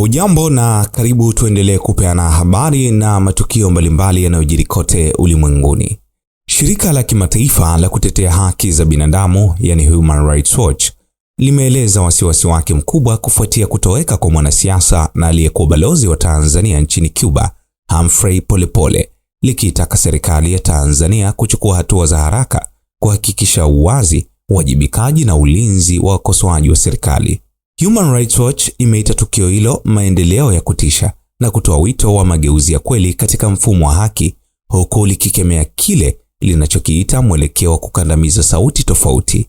Hujambo na karibu, tuendelee kupeana habari na matukio mbalimbali yanayojiri kote ulimwenguni. Shirika la kimataifa la kutetea haki za binadamu, yani Human Rights Watch, limeeleza wasiwasi wake mkubwa kufuatia kutoweka kwa mwanasiasa na aliyekuwa balozi wa Tanzania nchini Cuba, Humphrey Polepole, likiitaka serikali ya Tanzania kuchukua hatua za haraka kuhakikisha uwazi, uwajibikaji na ulinzi wa wakosoaji wa serikali. Human Rights Watch imeita tukio hilo maendeleo ya kutisha na kutoa wito wa mageuzi ya kweli katika mfumo wa haki, huku likikemea kile linachokiita mwelekeo wa kukandamiza sauti tofauti.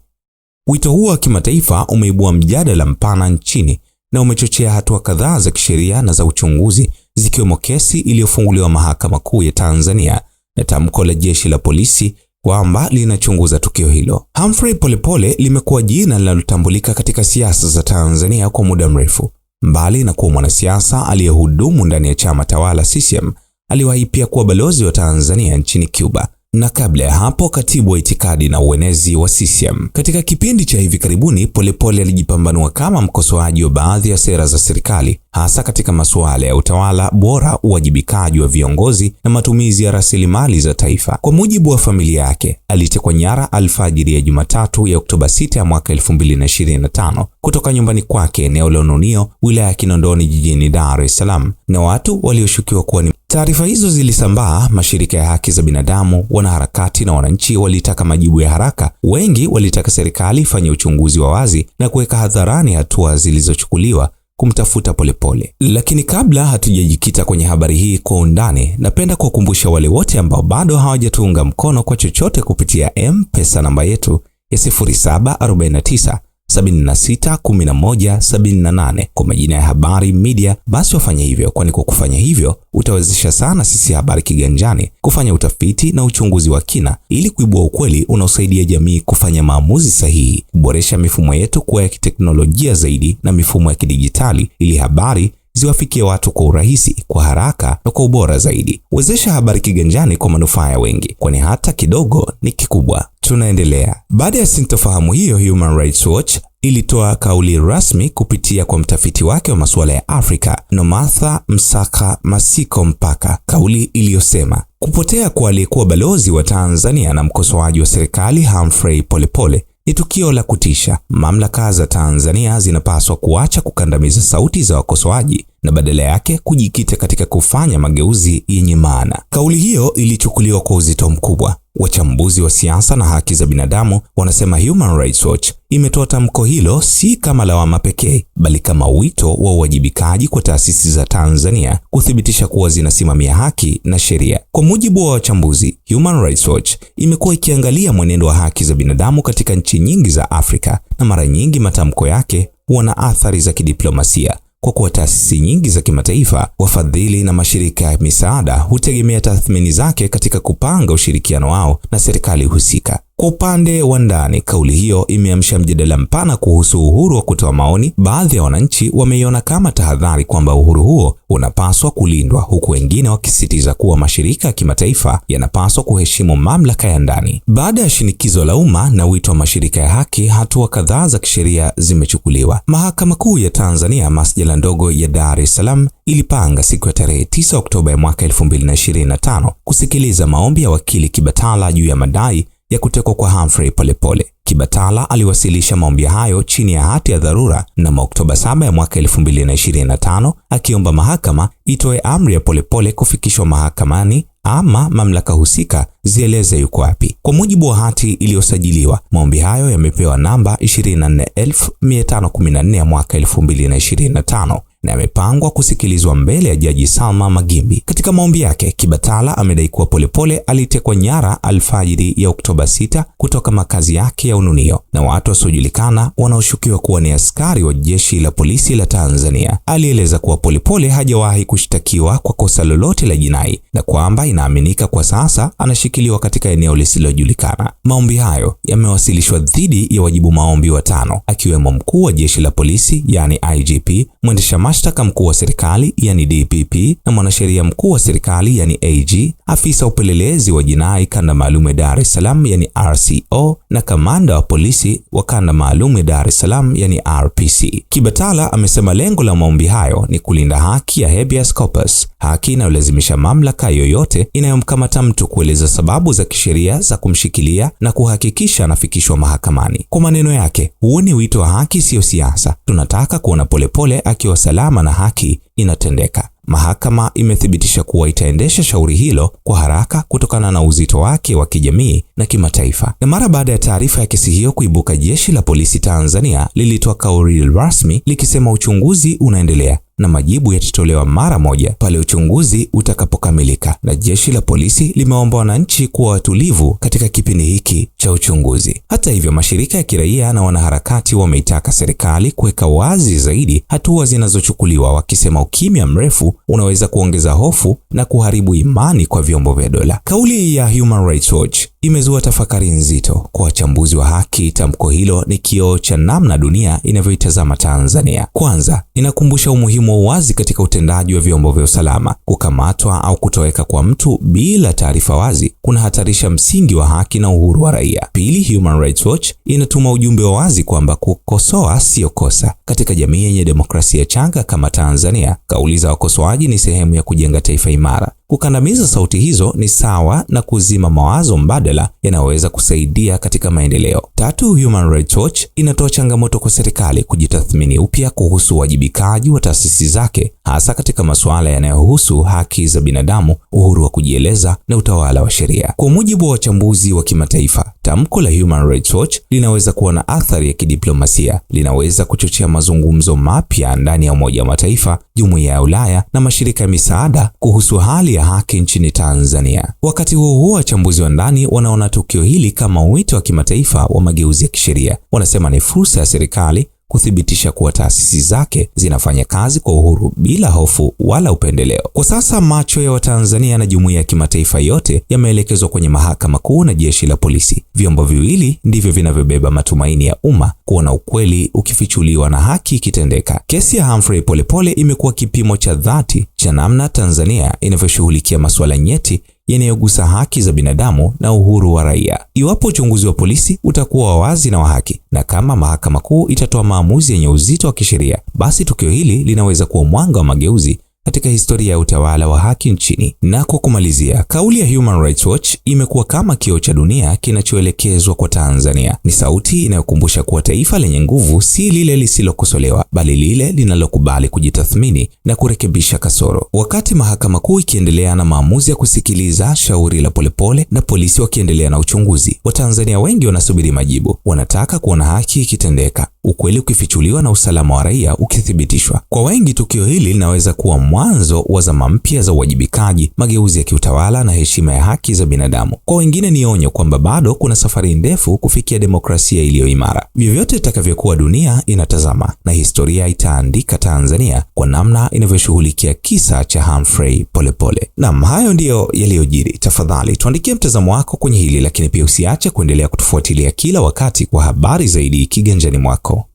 Wito huo wa kimataifa umeibua mjadala mpana nchini na umechochea hatua kadhaa za kisheria na za uchunguzi, zikiwemo kesi iliyofunguliwa Mahakama Kuu ya Tanzania na tamko la Jeshi la Polisi kwamba linachunguza tukio hilo. Humphrey Polepole limekuwa jina linalotambulika katika siasa za Tanzania kwa muda mrefu. Mbali na kuwa mwanasiasa aliyehudumu ndani ya chama tawala CCM, aliwahi pia kuwa balozi wa Tanzania nchini Cuba na kabla ya hapo katibu wa itikadi na uenezi wa CCM. Katika kipindi cha hivi karibuni, Polepole alijipambanua kama mkosoaji wa baadhi ya sera za serikali hasa katika masuala ya utawala bora, uwajibikaji wa viongozi na matumizi ya rasilimali za taifa. Kwa mujibu wa familia yake, alitekwa nyara alfajiri ya Jumatatu ya Oktoba 6 ya mwaka 2025 kutoka nyumbani kwake eneo la Ununio, wilaya ya Kinondoni, jijini Dar es Salaam na watu walioshukiwa kuwa ni Taarifa hizo zilisambaa, mashirika ya haki za binadamu, wanaharakati na wananchi walitaka majibu ya haraka. Wengi walitaka serikali ifanye uchunguzi wa wazi na kuweka hadharani hatua zilizochukuliwa kumtafuta Polepole. Lakini kabla hatujajikita kwenye habari hii kwa undani, napenda kuwakumbusha wale wote ambao bado hawajatuunga mkono kwa chochote kupitia M-Pesa namba yetu ya 0749 76 kwa majina ya Habari Media, basi wafanye hivyo, kwani kwa kufanya hivyo utawezesha sana sisi Habari Kiganjani kufanya utafiti na uchunguzi wa kina ili kuibua ukweli unaosaidia jamii kufanya maamuzi sahihi, kuboresha mifumo yetu kuwa ya kiteknolojia zaidi na mifumo ya kidijitali ili habari ziwafikie watu kwa urahisi, kwa haraka na kwa ubora zaidi. Wezesha habari kiganjani kwa manufaa ya wengi, kwani hata kidogo ni kikubwa. Tunaendelea. Baada ya sintofahamu hiyo, Human Rights Watch ilitoa kauli rasmi kupitia kwa mtafiti wake wa masuala ya Afrika Nomatha Msaka Masiko Mpaka, kauli iliyosema kupotea kwa aliyekuwa balozi wa Tanzania na mkosoaji wa serikali Humphrey Polepole ni tukio la kutisha. Mamlaka za Tanzania zinapaswa kuacha kukandamiza sauti za wakosoaji na badala yake kujikita katika kufanya mageuzi yenye maana. Kauli hiyo ilichukuliwa kwa uzito mkubwa. Wachambuzi wa siasa na haki za binadamu wanasema Human Rights Watch imetoa tamko hilo si kama lawama pekee, bali kama wito wa uwajibikaji kwa taasisi za Tanzania kuthibitisha kuwa zinasimamia haki na sheria. Kwa mujibu wa wachambuzi, Human Rights Watch imekuwa ikiangalia mwenendo wa haki za binadamu katika nchi nyingi za Afrika, na mara nyingi matamko yake huwa na athari za kidiplomasia kwa kuwa taasisi nyingi za kimataifa, wafadhili na mashirika ya misaada hutegemea tathmini zake katika kupanga ushirikiano wao na serikali husika. Kwa upande wa ndani, kauli hiyo imeamsha mjadala mpana kuhusu uhuru wa kutoa maoni. Baadhi ya wananchi wameiona kama tahadhari kwamba uhuru huo unapaswa kulindwa, huku wengine wakisisitiza kuwa mashirika ya kimataifa yanapaswa kuheshimu mamlaka ya ndani. Baada ya shinikizo la umma na wito wa mashirika ya haki, hatua kadhaa za kisheria zimechukuliwa. Mahakama Kuu ya Tanzania, masjala ndogo ya Dar es Salaam, ilipanga siku ya tarehe 9 Oktoba ya mwaka 2025 kusikiliza maombi ya wakili Kibatala juu ya madai ya kutekwa kwa Humphrey Polepole. Kibatala aliwasilisha maombi hayo chini ya hati ya dharura mnamo Oktoba 7 ya mwaka 2025 akiomba mahakama itoe amri ya Polepole kufikishwa mahakamani ama mamlaka husika zieleze yuko wapi. Kwa mujibu wa hati iliyosajiliwa, maombi hayo yamepewa namba 24514 ya mwaka 2025 na yamepangwa kusikilizwa mbele ya Jaji Salma Magimbi. Katika maombi yake, Kibatala amedai kuwa Polepole alitekwa nyara alfajiri ya Oktoba 6 kutoka makazi yake ya Ununio na watu wasiojulikana wanaoshukiwa kuwa ni askari wa jeshi la polisi la Tanzania. Alieleza kuwa Polepole hajawahi kushtakiwa kwa kosa lolote la jinai na kwamba inaaminika kwa sasa anashikiliwa katika eneo lisilojulikana. Maombi hayo yamewasilishwa dhidi ya wajibu maombi watano akiwemo mkuu wa jeshi la polisi, yani IGP, mwendesha mashtaka mkuu wa serikali yani DPP na mwanasheria mkuu wa serikali yani AG, afisa upelelezi wa jinai kanda maalum ya Dar es Salaam yani RCO na kamanda wa polisi wa kanda maalum ya Dar es Salaam yani RPC. Kibatala amesema lengo la maombi hayo ni kulinda haki ya habeas corpus, haki inayolazimisha mamlaka yoyote inayomkamata mtu kueleza sababu za kisheria za kumshikilia na kuhakikisha anafikishwa mahakamani. Kwa maneno yake, huu ni wito wa haki, siyo siasa. Tunataka kuona Polepole akiwa salama usalama na haki inatendeka. Mahakama imethibitisha kuwa itaendesha shauri hilo kwa haraka kutokana na uzito wake wa kijamii na kimataifa. Na mara baada ya taarifa ya kesi hiyo kuibuka, jeshi la polisi Tanzania lilitoa kauli rasmi likisema uchunguzi unaendelea na majibu yatatolewa mara moja pale uchunguzi utakapokamilika. Na jeshi la polisi limeomba wananchi kuwa watulivu katika kipindi hiki cha uchunguzi. Hata hivyo, mashirika ya kiraia na wanaharakati wameitaka serikali kuweka wazi zaidi hatua zinazochukuliwa, wakisema ukimya mrefu unaweza kuongeza hofu na kuharibu imani kwa vyombo vya dola. Kauli ya Human Rights Watch imezua tafakari nzito kwa wachambuzi wa haki. Tamko hilo ni kioo cha namna dunia inavyoitazama Tanzania. Kwanza, inakumbusha umuhimu mfumo wazi katika utendaji wa vyombo vya usalama. Kukamatwa au kutoweka kwa mtu bila taarifa wazi kunahatarisha msingi wa haki na uhuru wa raia. Pili, Human Rights Watch inatuma ujumbe wa wazi kwamba kukosoa sio kosa. Katika jamii yenye demokrasia changa kama Tanzania, kauli za wakosoaji ni sehemu ya kujenga taifa imara. Kukandamiza sauti hizo ni sawa na kuzima mawazo mbadala yanayoweza kusaidia katika maendeleo. Tatu, Human Rights Watch inatoa changamoto kwa serikali kujitathmini upya kuhusu uwajibikaji wa taasisi zake, hasa katika masuala yanayohusu haki za binadamu, uhuru wa kujieleza na utawala wa sheria. Kwa mujibu wa wachambuzi wa kimataifa, tamko la Human Rights Watch linaweza kuwa na athari ya kidiplomasia. Linaweza kuchochea mazungumzo mapya ndani ya Umoja wa Mataifa, Jumuiya ya Ulaya na mashirika ya misaada kuhusu hali ya haki nchini Tanzania. Wakati huo huo, wachambuzi wa ndani wanaona tukio hili kama wito wa kimataifa wa mageuzi ya kisheria. Wanasema ni fursa ya serikali kuthibitisha kuwa taasisi zake zinafanya kazi kwa uhuru bila hofu wala upendeleo. Kwa sasa macho ya Watanzania na jumuiya ya kimataifa yote yameelekezwa kwenye Mahakama Kuu na jeshi la polisi. Vyombo viwili ndivyo vinavyobeba matumaini ya umma kuona ukweli ukifichuliwa na haki ikitendeka. Kesi ya Humphrey Polepole imekuwa kipimo cha dhati cha namna Tanzania inavyoshughulikia masuala nyeti yanayogusa haki za binadamu na uhuru wa raia. Iwapo uchunguzi wa polisi utakuwa wa wazi na wa haki, na kama mahakama kuu itatoa maamuzi yenye uzito wa kisheria, basi tukio hili linaweza kuwa mwanga wa mageuzi katika historia ya utawala wa haki nchini. Na kwa kumalizia, kauli ya Human Rights Watch imekuwa kama kioo cha dunia kinachoelekezwa kwa Tanzania. Ni sauti inayokumbusha kuwa taifa lenye nguvu si lile lisilokosolewa, bali lile linalokubali kujitathmini na kurekebisha kasoro. Wakati mahakama kuu ikiendelea na maamuzi ya kusikiliza shauri la Polepole na polisi wakiendelea na uchunguzi, Watanzania wengi wanasubiri majibu. Wanataka kuona haki ikitendeka, ukweli ukifichuliwa na usalama wa raia ukithibitishwa. Kwa wengi, tukio hili linaweza kuwa mwanzo wa zama mpya za uwajibikaji, mageuzi ya kiutawala na heshima ya haki za binadamu. Kwa wengine ni onyo kwamba bado kuna safari ndefu kufikia demokrasia iliyo imara. Vyovyote itakavyokuwa, dunia inatazama na historia itaandika Tanzania kwa namna inavyoshughulikia kisa cha Humphrey Polepole. Naam, hayo ndiyo yaliyojiri. Tafadhali tuandikie mtazamo wako kwenye hili, lakini pia usiache kuendelea kutufuatilia kila wakati kwa habari zaidi kiganjani mwako.